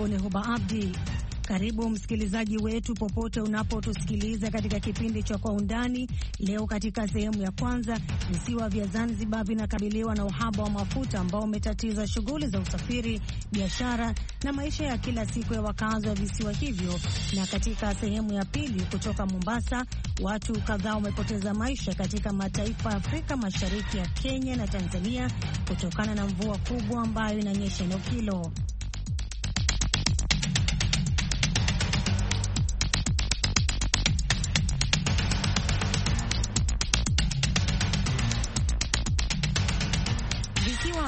langu ni Huba Abdi. Karibu msikilizaji wetu popote unapotusikiliza katika kipindi cha Kwa Undani. Leo katika sehemu ya kwanza, visiwa vya Zanzibar vinakabiliwa na uhaba wa mafuta ambao umetatiza shughuli za usafiri, biashara na maisha ya kila siku ya wakazi wa visiwa hivyo, na katika sehemu ya pili, kutoka Mombasa, watu kadhaa wamepoteza maisha katika mataifa ya Afrika Mashariki ya Kenya na Tanzania kutokana na mvua kubwa ambayo inanyesha eneo hilo.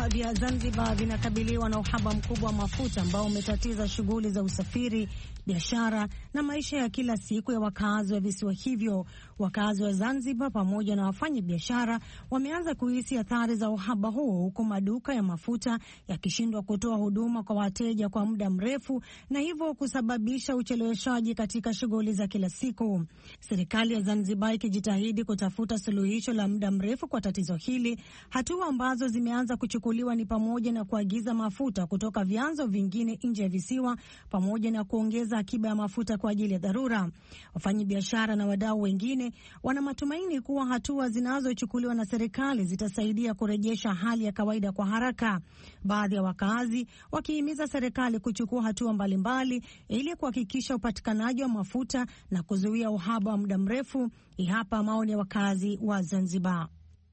vya Zanzibar vinakabiliwa na uhaba mkubwa wa mafuta ambao umetatiza shughuli za usafiri, biashara na maisha ya kila siku ya wakazi wa visiwa hivyo. Wakazi wa Zanzibar pamoja na wafanya biashara wameanza kuhisi athari za uhaba huo, huku maduka ya mafuta yakishindwa kutoa huduma kwa wateja kwa muda mrefu, na hivyo kusababisha ucheleweshaji katika shughuli za kila siku. Serikali ya Zanzibar ikijitahidi kutafuta suluhisho la muda mrefu kwa tatizo hili, hatua ambazo zimeanza kuchukua kuchukuliwa ni pamoja na kuagiza mafuta kutoka vyanzo vingine nje ya visiwa pamoja na kuongeza akiba ya mafuta kwa ajili ya dharura. Wafanyabiashara na wadau wengine wana matumaini kuwa hatua zinazochukuliwa na serikali zitasaidia kurejesha hali ya kawaida kwa haraka, baadhi ya wakazi wakihimiza serikali kuchukua hatua mbalimbali ili kuhakikisha upatikanaji wa mafuta na kuzuia uhaba wa muda mrefu. Hapa maoni ya wakazi wa Zanzibar.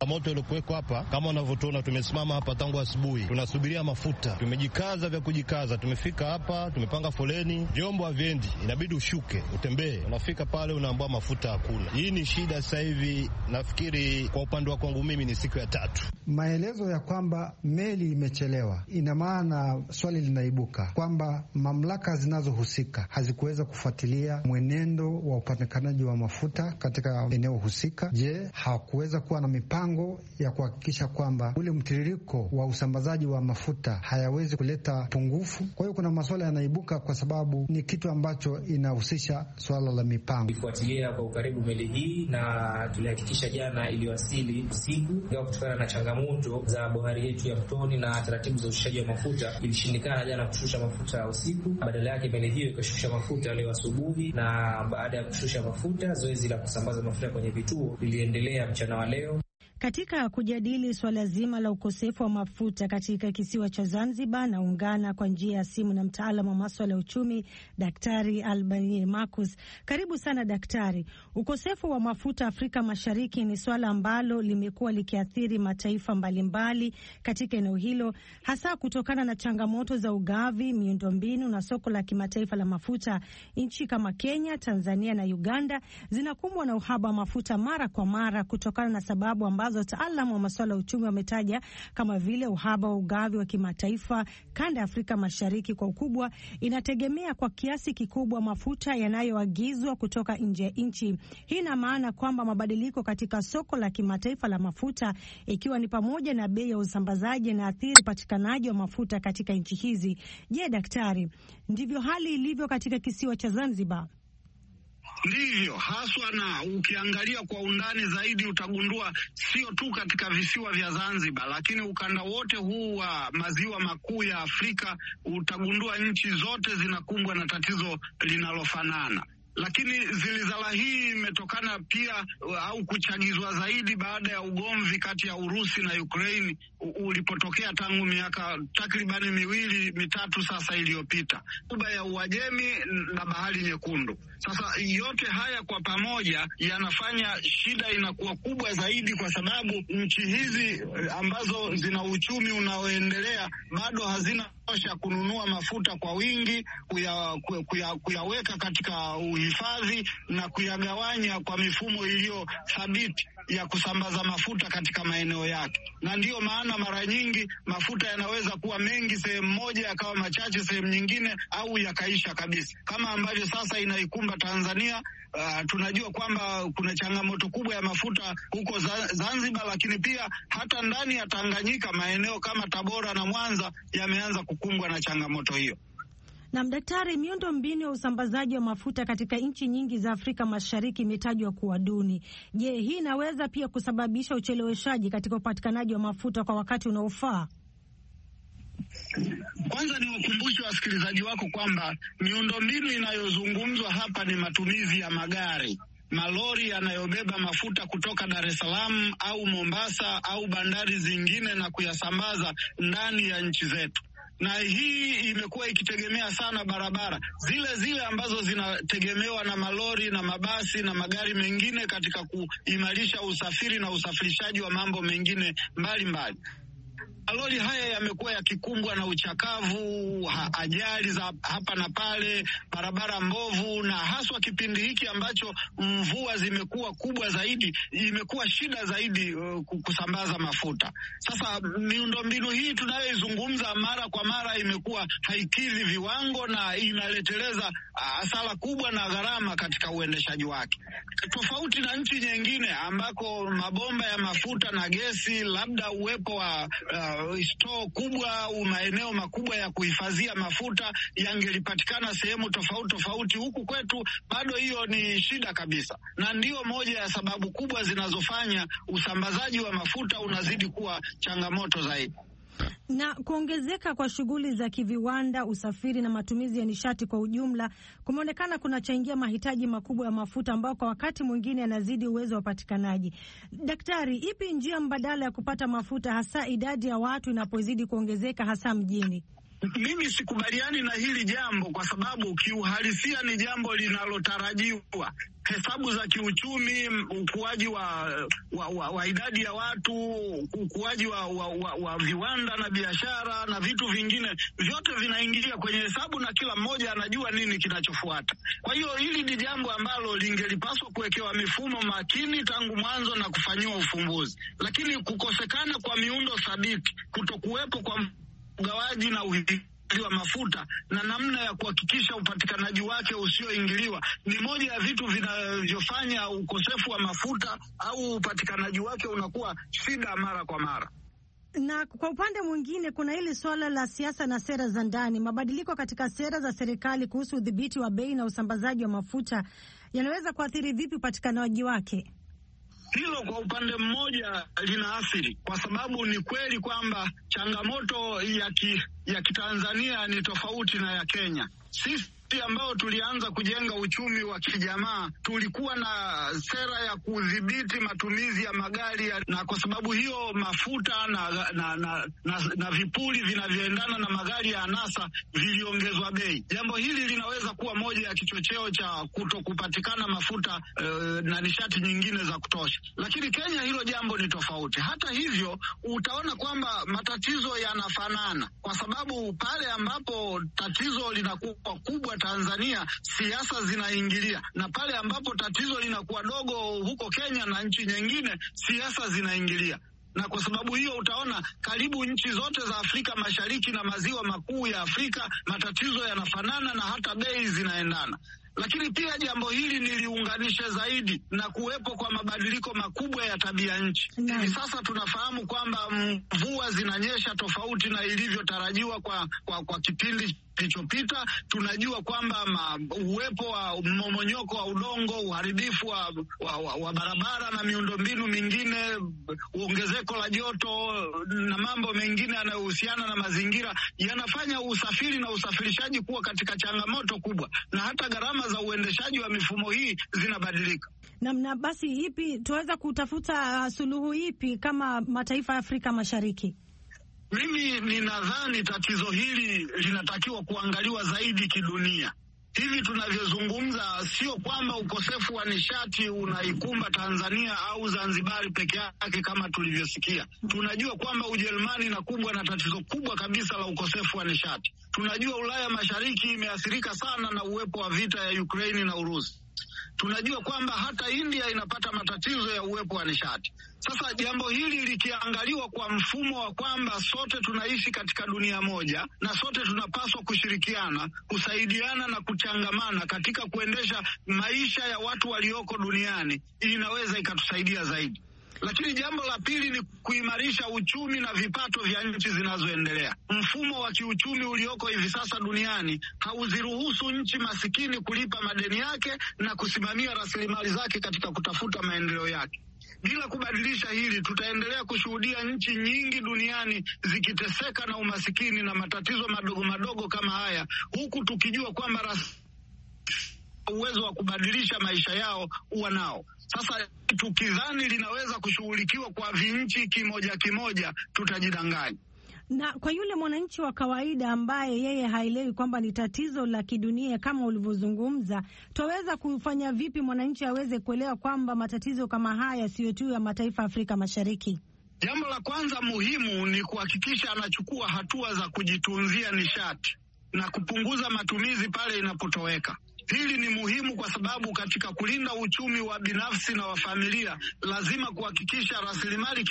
Moto uliokuwekwa hapa kama unavyotuona, tumesimama hapa tangu asubuhi, tunasubiria mafuta. Tumejikaza vya kujikaza, tumefika hapa, tumepanga foleni, vyombo havyendi, inabidi ushuke utembee. Unafika pale unaambua mafuta hakuna. Hii ni shida sasa hivi. Nafikiri kwa upande wa kwangu mimi ni siku ya tatu. Maelezo ya kwamba meli imechelewa, ina maana swali linaibuka kwamba mamlaka zinazohusika hazikuweza kufuatilia mwenendo wa upatikanaji wa mafuta katika eneo husika. Je, hawakuweza kuwa na mipango mipango ya kuhakikisha kwamba ule mtiririko wa usambazaji wa mafuta hayawezi kuleta pungufu. Kwa hiyo kuna masuala yanaibuka, kwa sababu ni kitu ambacho inahusisha swala la mipango. Ifuatilia kwa ukaribu meli hii na tulihakikisha jana iliyowasili usiku, ingawa kutokana na changamoto za bohari yetu ya Mtoni na taratibu za ushushaji wa mafuta ilishindikana jana kushusha mafuta usiku. Badala yake meli hiyo ikashusha mafuta leo asubuhi, na baada ya kushusha mafuta, zoezi la kusambaza mafuta kwenye vituo liliendelea mchana wa leo katika kujadili swala zima la ukosefu wa mafuta katika kisiwa cha Zanzibar. Naungana kwa njia ya simu na mtaalamu wa maswala ya uchumi Daktari Albanie Marcus. Karibu sana daktari. Ukosefu wa mafuta Afrika Mashariki ni swala ambalo limekuwa likiathiri mataifa mbalimbali katika eneo hilo, hasa kutokana na changamoto za ugavi, miundombinu na soko la kimataifa la mafuta. Nchi kama Kenya, Tanzania na Uganda zinakumbwa na uhaba wa mafuta mara kwa mara kutokana na sababu ambazo ambazo wataalam wa masuala ya uchumi wametaja kama vile uhaba wa ugavi wa kimataifa kanda ya Afrika Mashariki kwa ukubwa inategemea kwa kiasi kikubwa mafuta yanayoagizwa kutoka nje ya nchi. Hii ina maana kwamba mabadiliko katika soko la kimataifa la mafuta, ikiwa ni pamoja na bei ya usambazaji, na athiri upatikanaji wa mafuta katika nchi hizi. Je, daktari, ndivyo hali ilivyo katika kisiwa cha Zanzibar? Ndivyo haswa, na ukiangalia kwa undani zaidi utagundua sio tu katika visiwa vya Zanzibar, lakini ukanda wote huu wa maziwa makuu ya Afrika utagundua nchi zote zinakumbwa na tatizo linalofanana lakini zilizala hii imetokana pia uh, au kuchagizwa zaidi baada ya ugomvi kati ya Urusi na Ukraini ulipotokea tangu miaka takribani miwili mitatu sasa iliyopita, kuba ya Uajemi na Bahari Nyekundu. Sasa yote haya kwa pamoja yanafanya shida inakuwa kubwa zaidi, kwa sababu nchi hizi uh, ambazo zina uchumi unaoendelea bado hazina kutosha kununua mafuta kwa wingi, kuyaweka kuya, kuya katika uhifadhi na kuyagawanya kwa mifumo iliyo thabiti ya kusambaza mafuta katika maeneo yake. Na ndiyo maana mara nyingi mafuta yanaweza kuwa mengi sehemu moja, yakawa machache sehemu nyingine, au yakaisha kabisa, kama ambavyo sasa inaikumba Tanzania uh, tunajua kwamba kuna changamoto kubwa ya mafuta huko Zanzibar, lakini pia hata ndani ya Tanganyika maeneo kama Tabora na Mwanza yameanza kukumbwa na changamoto hiyo. Na mdaktari, miundo mbinu ya usambazaji wa mafuta katika nchi nyingi za Afrika Mashariki imetajwa kuwa duni. Je, hii inaweza pia kusababisha ucheleweshaji katika upatikanaji wa mafuta kwa wakati unaofaa? Kwanza ni wakumbushe wasikilizaji wako kwamba miundombinu inayozungumzwa hapa ni matumizi ya magari malori yanayobeba mafuta kutoka Dar es Salaam au Mombasa au bandari zingine na kuyasambaza ndani ya nchi zetu na hii imekuwa ikitegemea sana barabara zile zile ambazo zinategemewa na malori na mabasi na magari mengine katika kuimarisha usafiri na usafirishaji wa mambo mengine mbalimbali mbali malori haya yamekuwa yakikumbwa na uchakavu ha, ajali za hapa na pale, barabara mbovu, na haswa kipindi hiki ambacho mvua zimekuwa kubwa zaidi, imekuwa shida zaidi uh, kusambaza mafuta. Sasa miundombinu hii tunayoizungumza mara kwa mara imekuwa haikidhi viwango na inaleteleza uh, hasara kubwa na gharama katika uendeshaji wake, tofauti na nchi nyingine ambako mabomba ya mafuta na gesi labda uwepo wa uh, uh, kubwa au maeneo makubwa ya kuhifadhia mafuta yangelipatikana sehemu tofauti tofauti. Huku kwetu bado hiyo ni shida kabisa, na ndiyo moja ya sababu kubwa zinazofanya usambazaji wa mafuta unazidi kuwa changamoto zaidi. Na kuongezeka kwa shughuli za kiviwanda, usafiri na matumizi ya nishati kwa ujumla kumeonekana kunachangia mahitaji makubwa ya mafuta ambayo kwa wakati mwingine yanazidi uwezo wa upatikanaji. Daktari, ipi njia mbadala ya kupata mafuta hasa idadi ya watu inapozidi kuongezeka hasa mjini? mimi sikubaliani na hili jambo kwa sababu kiuhalisia ni jambo linalotarajiwa. Hesabu za kiuchumi, ukuaji wa, wa, wa, wa idadi ya watu, ukuaji wa, wa, wa, wa viwanda na biashara na vitu vingine vyote vinaingilia kwenye hesabu, na kila mmoja anajua nini kinachofuata. Kwa hiyo hili ni jambo ambalo lingelipaswa kuwekewa mifumo makini tangu mwanzo na kufanyiwa ufumbuzi, lakini kukosekana kwa miundo thabiti, kutokuwepo kwa ugawaji na uhifadhi wa mafuta na namna ya kuhakikisha upatikanaji wake usioingiliwa ni moja ya vitu vinavyofanya ukosefu wa mafuta au upatikanaji wake unakuwa shida mara kwa mara. Na kwa upande mwingine, kuna hili suala la siasa na sera za ndani. Mabadiliko katika sera za serikali kuhusu udhibiti wa bei na usambazaji wa mafuta yanaweza kuathiri vipi upatikanaji wake? hilo kwa upande mmoja lina athiri, kwa sababu ni kweli kwamba changamoto ya ki, ya Kitanzania ni tofauti na ya Kenya. Sisi ambao tulianza kujenga uchumi wa kijamaa, tulikuwa na sera ya kudhibiti matumizi ya magari, na kwa sababu hiyo mafuta na, na, na, na, na vipuli vinavyoendana na magari ya anasa viliongezwa bei. Jambo hili linaweza kuwa moja ya kichocheo cha kuto kupatikana mafuta uh, na nishati nyingine za kutosha, lakini Kenya hilo jambo ni tofauti. Hata hivyo, utaona kwamba matatizo yanafanana, kwa sababu pale ambapo tatizo linakuwa kubwa Tanzania siasa zinaingilia, na pale ambapo tatizo linakuwa dogo huko Kenya na nchi nyingine, siasa zinaingilia na kwa sababu hiyo utaona karibu nchi zote za Afrika Mashariki na maziwa makuu ya Afrika matatizo yanafanana na hata bei zinaendana. Lakini pia jambo hili niliunganishe zaidi na kuwepo kwa mabadiliko makubwa ya tabia nchi. Hivi sasa tunafahamu kwamba mvua zinanyesha tofauti na ilivyotarajiwa kwa, kwa, kwa kipindi kilichopita, tunajua kwamba uwepo wa mmomonyoko wa udongo, uharibifu wa, wa, wa, wa barabara na miundombinu mingine, ongezeko la joto na mambo mengine yanayohusiana na mazingira yanafanya usafiri na usafirishaji kuwa katika changamoto kubwa, na hata gharama za uendeshaji wa mifumo hii zinabadilika namna. Basi ipi tunaweza kutafuta suluhu ipi kama mataifa ya Afrika Mashariki? Mimi ninadhani tatizo hili linatakiwa kuangaliwa zaidi kidunia. Hivi tunavyozungumza, sio kwamba ukosefu wa nishati unaikumba Tanzania au Zanzibari peke yake. Kama tulivyosikia, tunajua kwamba Ujerumani inakumbwa na tatizo kubwa kabisa la ukosefu wa nishati. Tunajua Ulaya Mashariki imeathirika sana na uwepo wa vita ya Ukraini na Urusi tunajua kwamba hata India inapata matatizo ya uwepo wa nishati. Sasa jambo hili likiangaliwa kwa mfumo wa kwamba sote tunaishi katika dunia moja na sote tunapaswa kushirikiana, kusaidiana na kuchangamana katika kuendesha maisha ya watu walioko duniani, inaweza ikatusaidia zaidi. Lakini jambo la pili ni kuimarisha uchumi na vipato vya nchi zinazoendelea. Mfumo wa kiuchumi ulioko hivi sasa duniani hauziruhusu nchi masikini kulipa madeni yake na kusimamia rasilimali zake katika kutafuta maendeleo yake. Bila kubadilisha hili, tutaendelea kushuhudia nchi nyingi duniani zikiteseka na umasikini na matatizo madogo madogo kama haya, huku tukijua kwamba rasi uwezo wa kubadilisha maisha yao huwa nao. Sasa tukidhani linaweza kushughulikiwa kwa vinchi kimoja kimoja, tutajidanganya na kwa yule mwananchi wa kawaida ambaye yeye haelewi kwamba ni tatizo la kidunia kama ulivyozungumza, twaweza kufanya vipi mwananchi aweze kuelewa kwamba matatizo kama haya siyo tu ya mataifa Afrika Mashariki? Jambo la kwanza muhimu ni kuhakikisha anachukua hatua za kujitunzia nishati na kupunguza matumizi pale inapotoweka. Hili ni muhimu kwa sababu katika kulinda uchumi wa binafsi na wa familia, lazima kuhakikisha rasilimali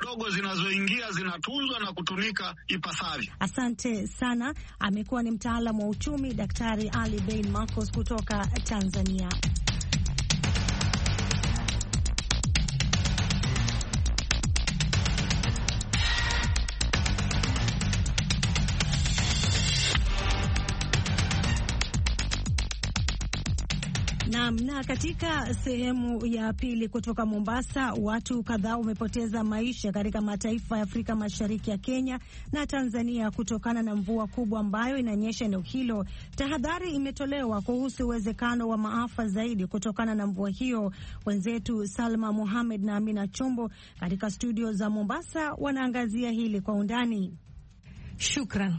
dogo zinazoingia zinatunzwa na kutumika ipasavyo. Asante sana. Amekuwa ni mtaalamu wa uchumi Daktari Ali Bein Marcos kutoka Tanzania. Naam, na katika sehemu ya pili kutoka Mombasa, watu kadhaa wamepoteza maisha katika mataifa ya Afrika Mashariki ya Kenya na Tanzania kutokana na mvua kubwa ambayo inanyesha eneo hilo. Tahadhari imetolewa kuhusu uwezekano wa maafa zaidi kutokana na mvua hiyo. Wenzetu Salma Mohamed na Amina Chombo katika studio za Mombasa wanaangazia hili kwa undani. Shukran.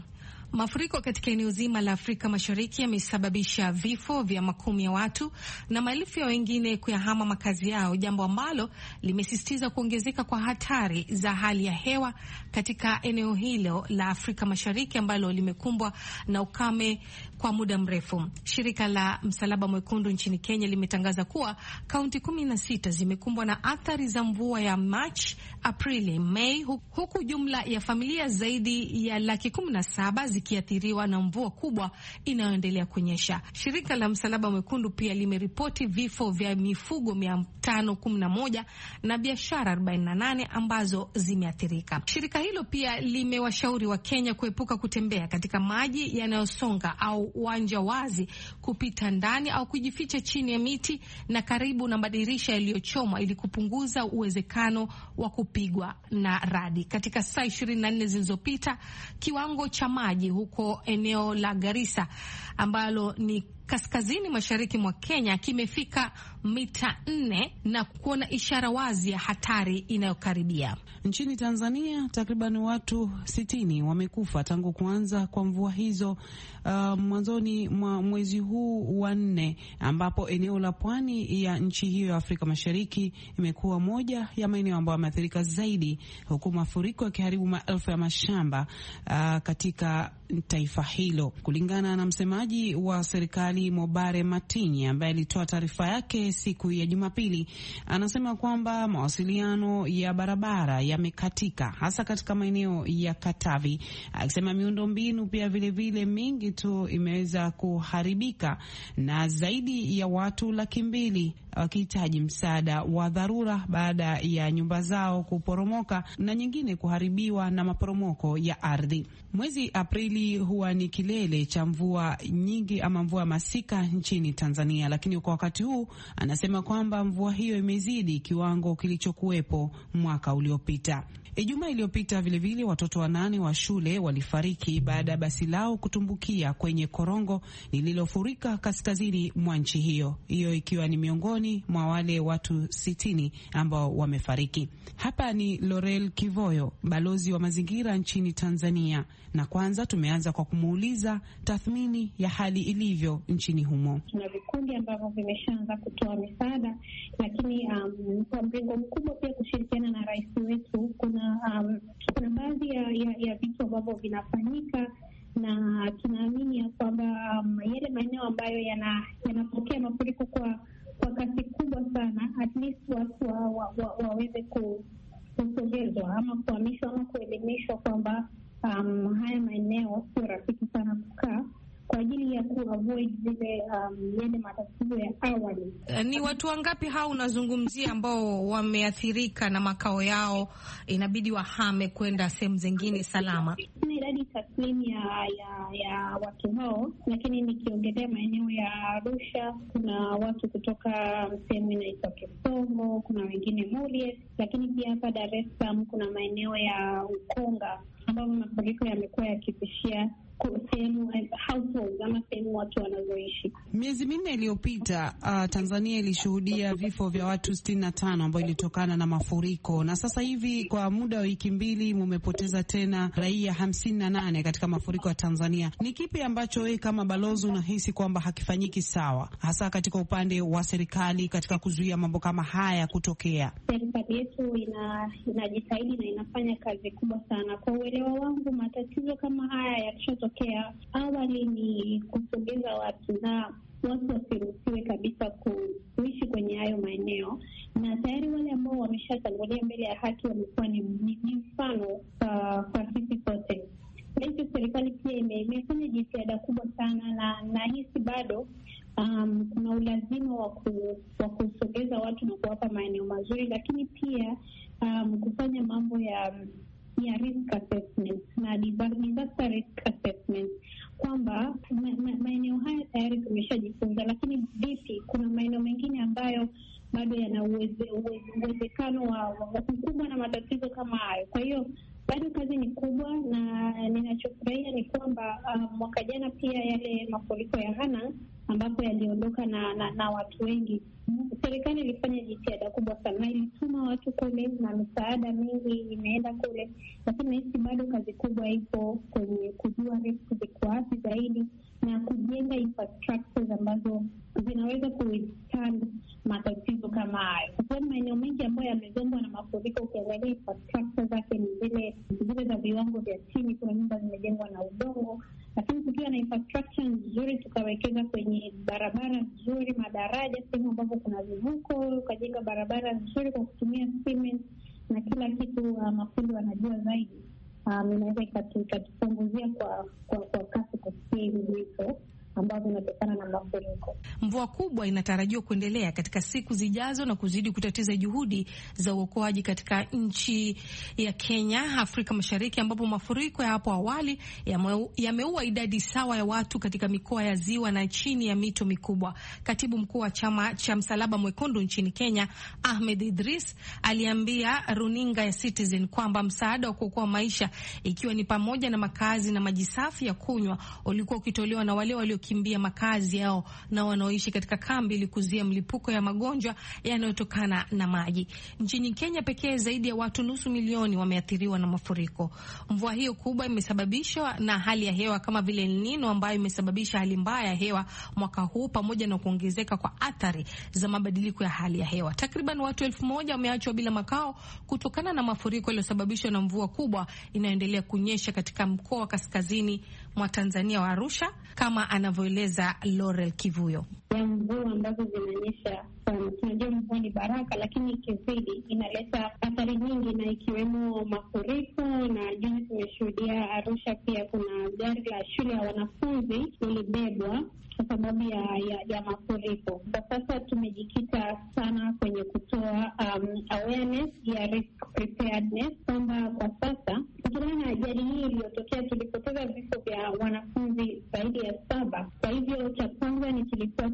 Mafuriko katika eneo zima la Afrika Mashariki yamesababisha vifo vya makumi ya watu na maelfu ya wengine kuyahama makazi yao, jambo ambalo limesisitiza kuongezeka kwa hatari za hali ya hewa katika eneo hilo la Afrika Mashariki ambalo limekumbwa na ukame kwa muda mrefu. Shirika la Msalaba Mwekundu nchini Kenya limetangaza kuwa kaunti 16 zimekumbwa na athari za mvua ya Machi, Aprili, Mei, huku jumla ya familia zaidi ya laki 17 zikiathiriwa na mvua kubwa inayoendelea kunyesha. Shirika la Msalaba Mwekundu pia limeripoti vifo vya mifugo 511 na biashara 48 ambazo zimeathirika. Shirika hilo pia limewashauri wa kenya kuepuka kutembea katika maji yanayosonga au uwanja wazi, kupita ndani au kujificha chini ya miti na karibu na madirisha yaliyochomwa ili kupunguza uwezekano wa kupigwa na radi. Katika saa nne zilizopita, kiwango cha maji huko eneo la Garissa ambalo ni kaskazini mashariki mwa Kenya kimefika mita nne na kuona ishara wazi ya hatari inayokaribia. Nchini Tanzania takriban watu sitini wamekufa tangu kuanza kwa mvua hizo uh, mwanzoni mwa mwezi huu wa nne, ambapo eneo la pwani ya nchi hiyo ya Afrika Mashariki imekuwa moja ya maeneo ambayo yameathirika zaidi, huku mafuriko yakiharibu maelfu ya mashamba uh, katika taifa hilo, kulingana na msemaji wa serikali Mobare Matinyi ambaye alitoa taarifa yake siku ya Jumapili. Anasema kwamba mawasiliano ya barabara yamekatika hasa katika maeneo ya Katavi, akisema miundombinu pia vilevile vile mingi tu imeweza kuharibika na zaidi ya watu laki mbili wakihitaji msaada wa dharura baada ya nyumba zao kuporomoka na nyingine kuharibiwa na maporomoko ya ardhi. Mwezi Aprili huwa ni kilele cha mvua nyingi ama mvua masika nchini Tanzania, lakini kwa wakati huu anasema kwamba mvua hiyo imezidi kiwango kilichokuwepo mwaka uliopita. Ijumaa iliyopita vilevile watoto wanane wa shule walifariki baada ya basi lao kutumbukia kwenye korongo lililofurika kaskazini mwa nchi hiyo, hiyo ikiwa ni miongoni mwa wale watu sitini ambao wamefariki. Hapa ni lorel Kivoyo, balozi wa mazingira nchini Tanzania, na kwanza tumeanza kwa kumuuliza tathmini ya hali ilivyo nchini humo. Tuna vikundi ambavyo vimeshaanza kutoa misaada, lakini um, kwa mrengo mkubwa pia kushirikiana na rais wetu kuna um, kuna baadhi ya, ya, ya vitu ambavyo vinafanyika na tunaamini ya kwamba um, yale maeneo ambayo yanapokea yana mafuriko kwa kwa kasi kubwa sana, at least watu wa, wa, wa, waweze kusogezwa ama kuhamishwa ama kuelimishwa kwamba um, haya maeneo sio rafiki sana kukaa kwa ajili ya kuavoid zile um, yale matatizo ya awali. Eh, ni watu wangapi hao unazungumzia ambao wameathirika na makao yao inabidi wahame kwenda sehemu zingine salama? Ni idadi taslimu ya, ya, ya watu hao, lakini nikiongelea maeneo ya Arusha kuna watu kutoka sehemu inaitwa Kisongo, kuna wengine Mulie, lakini pia hapa Dar es Salaam kuna maeneo ya Ukonga ambayo mafuriko yamekuwa yakipishia watu wanazoishi. Miezi minne iliyopita, uh, Tanzania ilishuhudia vifo vya watu sitini na tano ambayo ilitokana na mafuriko, na sasa hivi kwa muda wa wiki mbili mumepoteza tena raia hamsini na nane katika mafuriko ya Tanzania. Ni kipi ambacho wewe kama balozi unahisi kwamba hakifanyiki sawa, hasa katika upande wa serikali katika kuzuia mambo kama haya kutokea? Serikali yetu ina, inajitahidi na inafanya kazi kubwa sana. Kwa uelewa wangu, matatizo kama haya yakishato kutokea. awali ni kusogeza watu na watu wasiruhusiwe kabisa kuishi kwenye hayo maeneo, na tayari wale ambao wameshatangulia mbele ya haki wamekuwa ni mfano kwa sisi sote. Na hivyo serikali pia imefanya jitihada kubwa sana, na nahisi bado um, kuna ulazima wa kusogeza watu na kuwapa maeneo mazuri, lakini pia um, kufanya mambo ya ya risk assessment na disaster risk assessment kwamba maeneo ma, ma, haya tayari tumeshajifunza, lakini vipi, kuna maeneo mengine ambayo bado yana uwezekano uweze, uweze wa kukumbwa na matatizo kama hayo. Kwa hiyo bado kazi ni kubwa, na ninachofurahia ni kwamba um, mwaka jana pia yale mafuriko ya hana ambapo yaliondoka na, na na watu wengi, serikali ilifanya jitihada kubwa sana, ilituma watu kule na misaada mingi imeenda kule, lakini nahisi bado kazi kubwa ipo kwenye kujua riski ziko wapi zaidi na kujenga infrastructures ambazo zinaweza withstand matatizo kama hayo, kwa sababu maeneo mengi ambayo yamezombwa na mafuriko, ukiangalia infrastructure zake ni zile zile za viwango vya chini. Kuna nyumba zimejengwa na udongo, lakini tukiwa na infrastructure nzuri, tukawekeza kwenye barabara nzuri, madaraja, sehemu ambapo kuna vivuko, ukajenga barabara nzuri kwa kutumia cement na kila kitu, uh, mafundi wanajua zaidi, um, inaweza ikatupunguzia kwa, kwa, kwa kasi of seeing resource ambavyo vinatokana na mafuriko. Mvua kubwa inatarajiwa kuendelea katika siku zijazo na kuzidi kutatiza juhudi za uokoaji katika nchi ya Kenya, Afrika Mashariki, ambapo mafuriko ya hapo awali yameua idadi sawa ya watu katika mikoa ya ziwa na chini ya mito mikubwa. Katibu mkuu wa chama cha Msalaba Mwekundu nchini Kenya, Ahmed Idris, aliambia runinga ya Citizen kwamba msaada wa kuokoa maisha, ikiwa ni pamoja na makazi na maji safi ya kunywa, ulikuwa ukitolewa na wale walio wanaokimbia makazi yao na wanaoishi katika kambi ili kuzuia mlipuko ya magonjwa yanayotokana na maji. Nchini Kenya pekee zaidi ya watu nusu milioni wameathiriwa na mafuriko. Mvua hiyo kubwa imesababishwa na hali ya hewa kama vile El Nino ambayo imesababisha hali mbaya ya hewa mwaka huu pamoja na kuongezeka kwa athari za mabadiliko ya hali ya hewa. Takriban watu elfu moja wameachwa bila makao kutokana na mafuriko yaliyosababishwa na mvua kubwa inayoendelea kunyesha katika mkoa wa kaskazini mwa Tanzania wa Arusha, kama anavyoeleza Laurel Kivuyo ya mvua ambazo zinanyesha sana. Um, tunajua mvua ni baraka, lakini ikizidi inaleta athari nyingi, na ikiwemo mafuriko. Na juzi tumeshuhudia Arusha, pia kuna gari la shule ya wanafunzi lilibebwa kwa sababu ya, ya, ya mafuriko. Kwa sasa tumejikita sana kwenye kutoa um, awareness ya risk preparedness, kwamba kwa sasa kutokana na ajali hii iliyotokea tulipoteza vifo vya wanafunzi zaidi ya saba kwa hivyo cha kwanza ni kilikuwa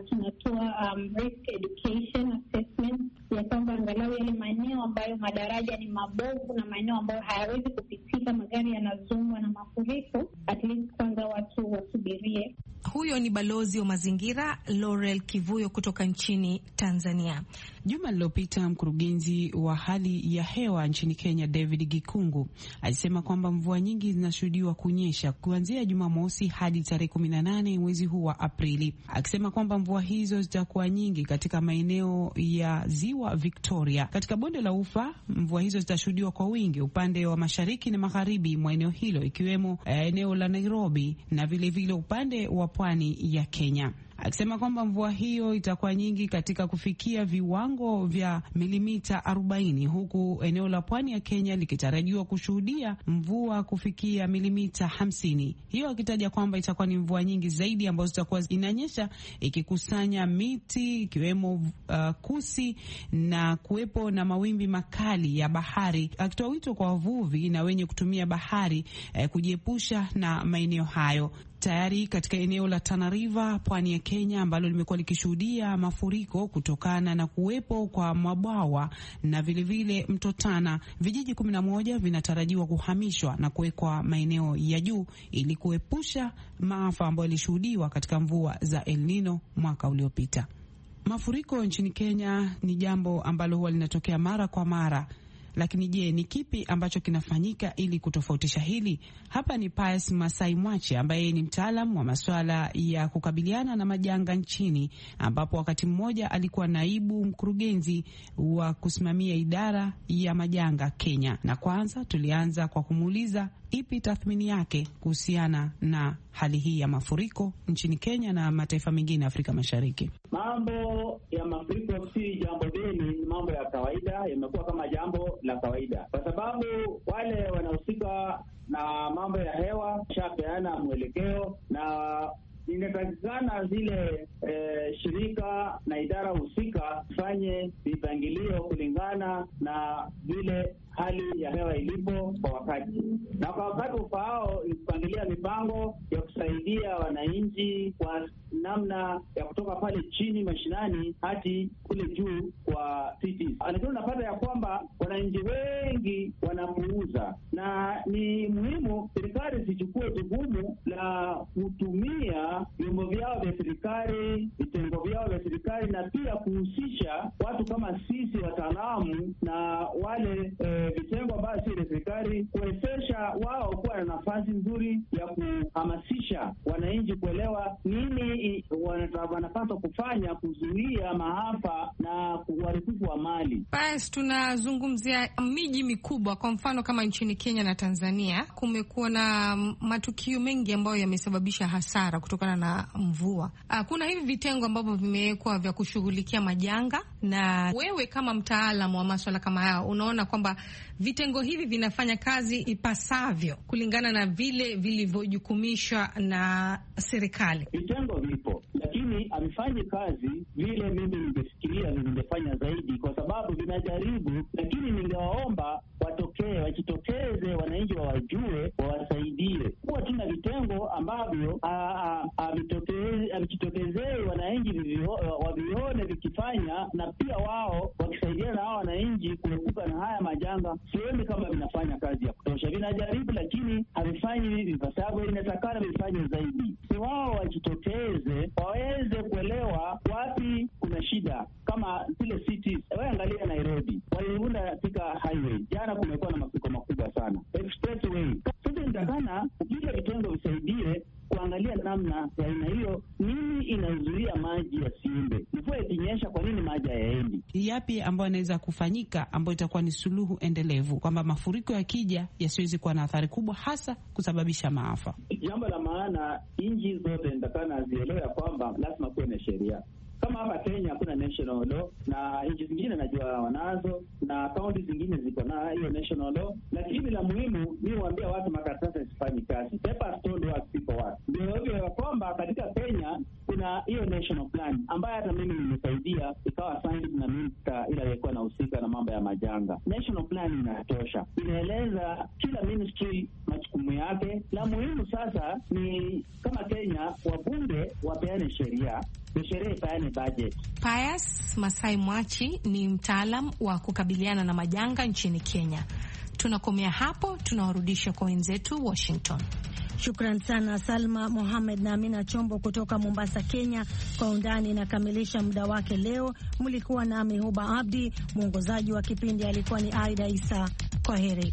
tunatoa um, risk education assessment ya kwamba angalau yale maeneo ambayo madaraja ni mabovu na maeneo ambayo hayawezi kupitika, magari yanazungwa na mafuriko, at least kwanza watu wasubirie huyo ni balozi wa mazingira Laurel Kivuyo kutoka nchini Tanzania. Juma lililopita mkurugenzi wa hali ya hewa nchini Kenya David Gikungu alisema kwamba mvua nyingi zinashuhudiwa kunyesha kuanzia Jumamosi hadi tarehe 18 mwezi huu wa Aprili, akisema kwamba mvua hizo zitakuwa nyingi katika maeneo ya ziwa Victoria. Katika bonde la Ufa, mvua hizo zitashuhudiwa kwa wingi upande wa mashariki na magharibi mwa eneo hilo, ikiwemo eh, eneo la Nairobi na vilevile vile upande wa pwani ya Kenya akisema kwamba mvua hiyo itakuwa nyingi katika kufikia viwango vya milimita 40 huku eneo la pwani ya Kenya likitarajiwa kushuhudia mvua kufikia milimita 50. Hiyo akitaja kwamba itakuwa ni mvua nyingi zaidi ambazo zitakuwa inanyesha ikikusanya miti ikiwemo uh, kusi na kuwepo na mawimbi makali ya bahari, akitoa wito kwa wavuvi na wenye kutumia bahari eh, kujiepusha na maeneo hayo tayari katika eneo la Tana River, pwani ya Kenya, ambalo limekuwa likishuhudia mafuriko kutokana na kuwepo kwa mabwawa na vilevile mto Tana, vijiji kumi na moja vinatarajiwa kuhamishwa na kuwekwa maeneo ya juu ili kuepusha maafa ambayo yalishuhudiwa katika mvua za El Nino mwaka uliopita. Mafuriko nchini Kenya ni jambo ambalo huwa linatokea mara kwa mara lakini je, ni kipi ambacho kinafanyika ili kutofautisha hili? Hapa ni Pius Masai Mwache ambaye ni mtaalam wa masuala ya kukabiliana na majanga nchini, ambapo wakati mmoja alikuwa naibu mkurugenzi wa kusimamia idara ya majanga Kenya. Na kwanza tulianza kwa kumuuliza ipi tathmini yake kuhusiana na hali hii ya mafuriko nchini Kenya na mataifa mengine Afrika Mashariki? Mambo ya mafuriko si jambo geni, ni mambo ya kawaida, yamekuwa kama jambo la kawaida kwa sababu wale wanahusika na mambo ya hewa shapeana mwelekeo na inatakikana zile e, shirika na idara husika fanye vipangilio kulingana na vile hali ya hewa ilipo kwa wakati, na kwa wakati ufaao ni kupangilia mipango ya kusaidia wananchi kwa namna ya kutoka pale chini mashinani hadi kule juu kwa cities. Lakini unapata ya kwamba wananchi wengi wanapuuza, na ni muhimu serikali zichukue jukumu la kutumia vyombo vyao vya serikali, vitengo vyao vya serikali, na pia kuhusisha watu kama sisi wataalamu na wale eh, vitengo ambayo si serikali kuwezesha wao kuwa na nafasi nzuri ya kuhamasisha wananchi kuelewa nini wanapaswa kufanya kuzuia maafa na uharibifu wa mali. Basi tunazungumzia miji mikubwa, kwa mfano kama nchini Kenya na Tanzania, kumekuwa na matukio mengi ambayo yamesababisha hasara kutokana na mvua. Ah, kuna hivi vitengo ambavyo vimewekwa vya kushughulikia majanga na wewe kama mtaalam wa maswala kama hayo, unaona kwamba vitengo hivi vinafanya kazi ipasavyo kulingana na vile vilivyojukumishwa na serikali? Vitengo vipo lakini havifanyi kazi vile mimi ningefikiria na zaidi, kwa sababu vinajaribu, lakini ningewaomba watokee, wajitokeze, wananchi wawajue, wawasaidie kunakuwa tuna vitengo ambavyo havijitokezei wananchi wavione vikifanya, na pia wao wakisaidiana na hao wananchi kuepuka na haya majanga. Sioni kama vinafanya kazi ya kutosha, vinajaribu lakini havifanyi vipasavyo. Inatakana vifanye zaidi, si wao wajitokeze, waweze kuelewa wapi kuna shida, kama zile cities. We angalia Nairobi, waliunda katika highway, jana kumekuwa na mafuriko makubwa sana expressway. Sasa inatakana kupitia vitendo visaidie kuangalia namna ya aina hiyo, nini inazuia maji ya simbe Mvua ikinyesha, kwa nini maji hayaendi? Yapi ambayo anaweza kufanyika ambayo itakuwa ni suluhu endelevu, kwamba mafuriko yakija yasiwezi kuwa na athari kubwa, hasa kusababisha maafa? Jambo la maana, nchi zote nitakana zielewe ya kwamba lazima kuwe na sheria kama hapa Kenya hakuna national law, na nchi zingine najua wanazo na kaunti zingine ziko na hiyo national law, lakini la muhimu ni waambia watu makaratasi asifanyi kazi, papers don't work, people work. Ndio hivyo ya kwamba katika Kenya kuna hiyo national plan ambayo hata mimi nimesaidia ikawa signed na minister ile aliyekuwa nahusika na mambo ya majanga. National plan inatosha, inaeleza kila ministry majukumu yake. La muhimu sasa ni kama Kenya wabunge wapeane sheria ni sherehe budget. Pius Masai Mwachi ni mtaalam wa kukabiliana na majanga nchini Kenya. Tunakomea hapo, tunawarudisha kwa wenzetu Washington. Shukran sana Salma Mohamed na Amina Chombo kutoka Mombasa, Kenya. Kwa Undani inakamilisha muda wake leo. Mlikuwa nami Huba Abdi, mwongozaji wa kipindi alikuwa ni Aida Isa. Kwa heri.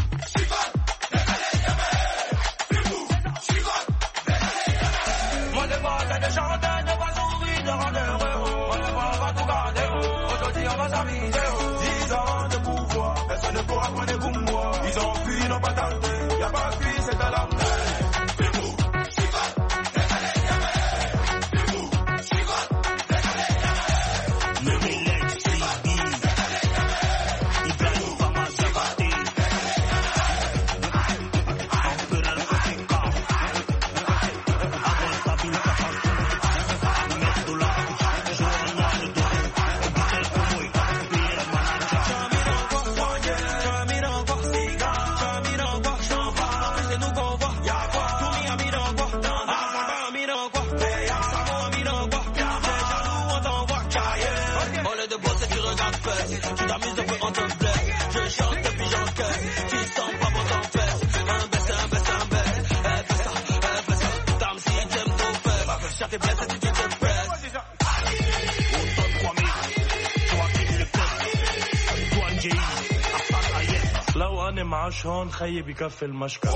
ونخيب يكفي المشكل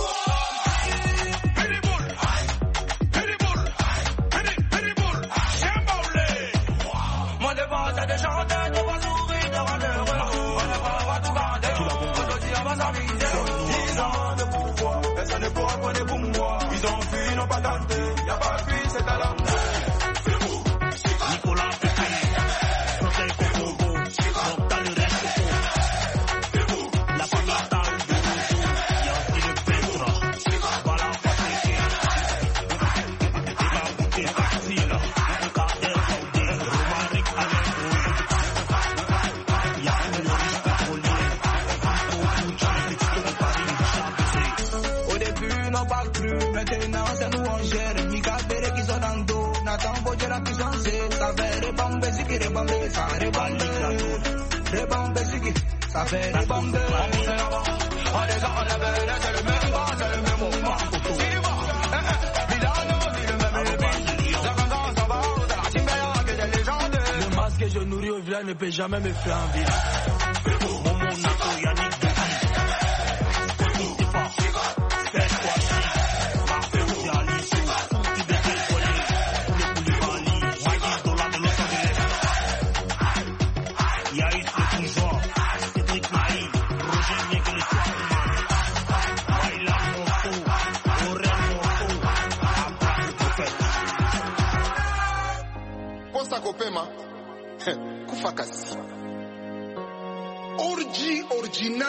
bébé jamais me faire envie.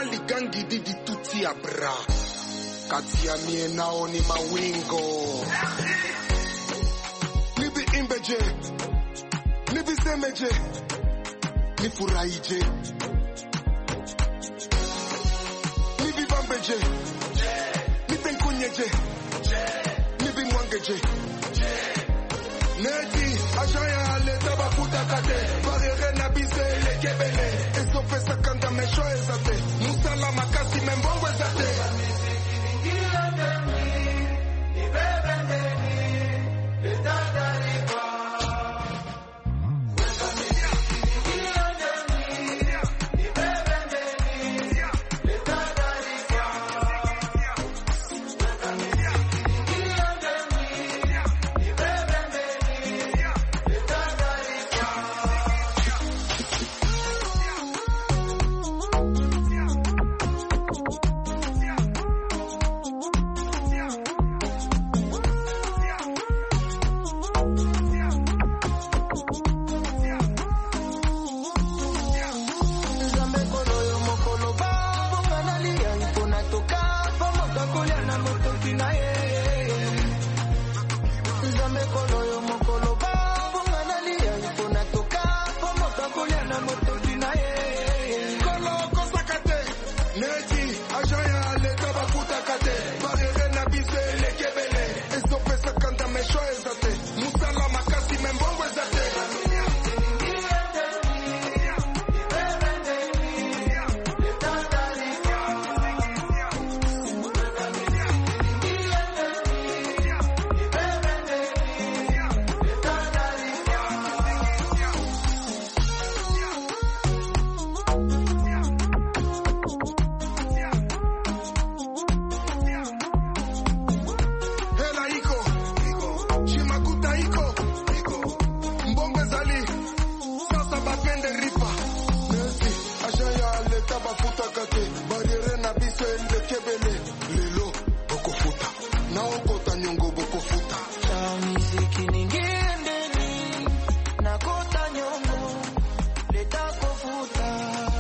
jina didi tuti ya bra kati ya mie nao ni mawingo nivi imbeje nivisemeje nifurahije nivivambeje nitenkunyeje nivimwangeje neti agent ya leta bakutaka te barere na biso elekebele ezopesaka nzambe sho eza te mosala makasi me mbongo eza te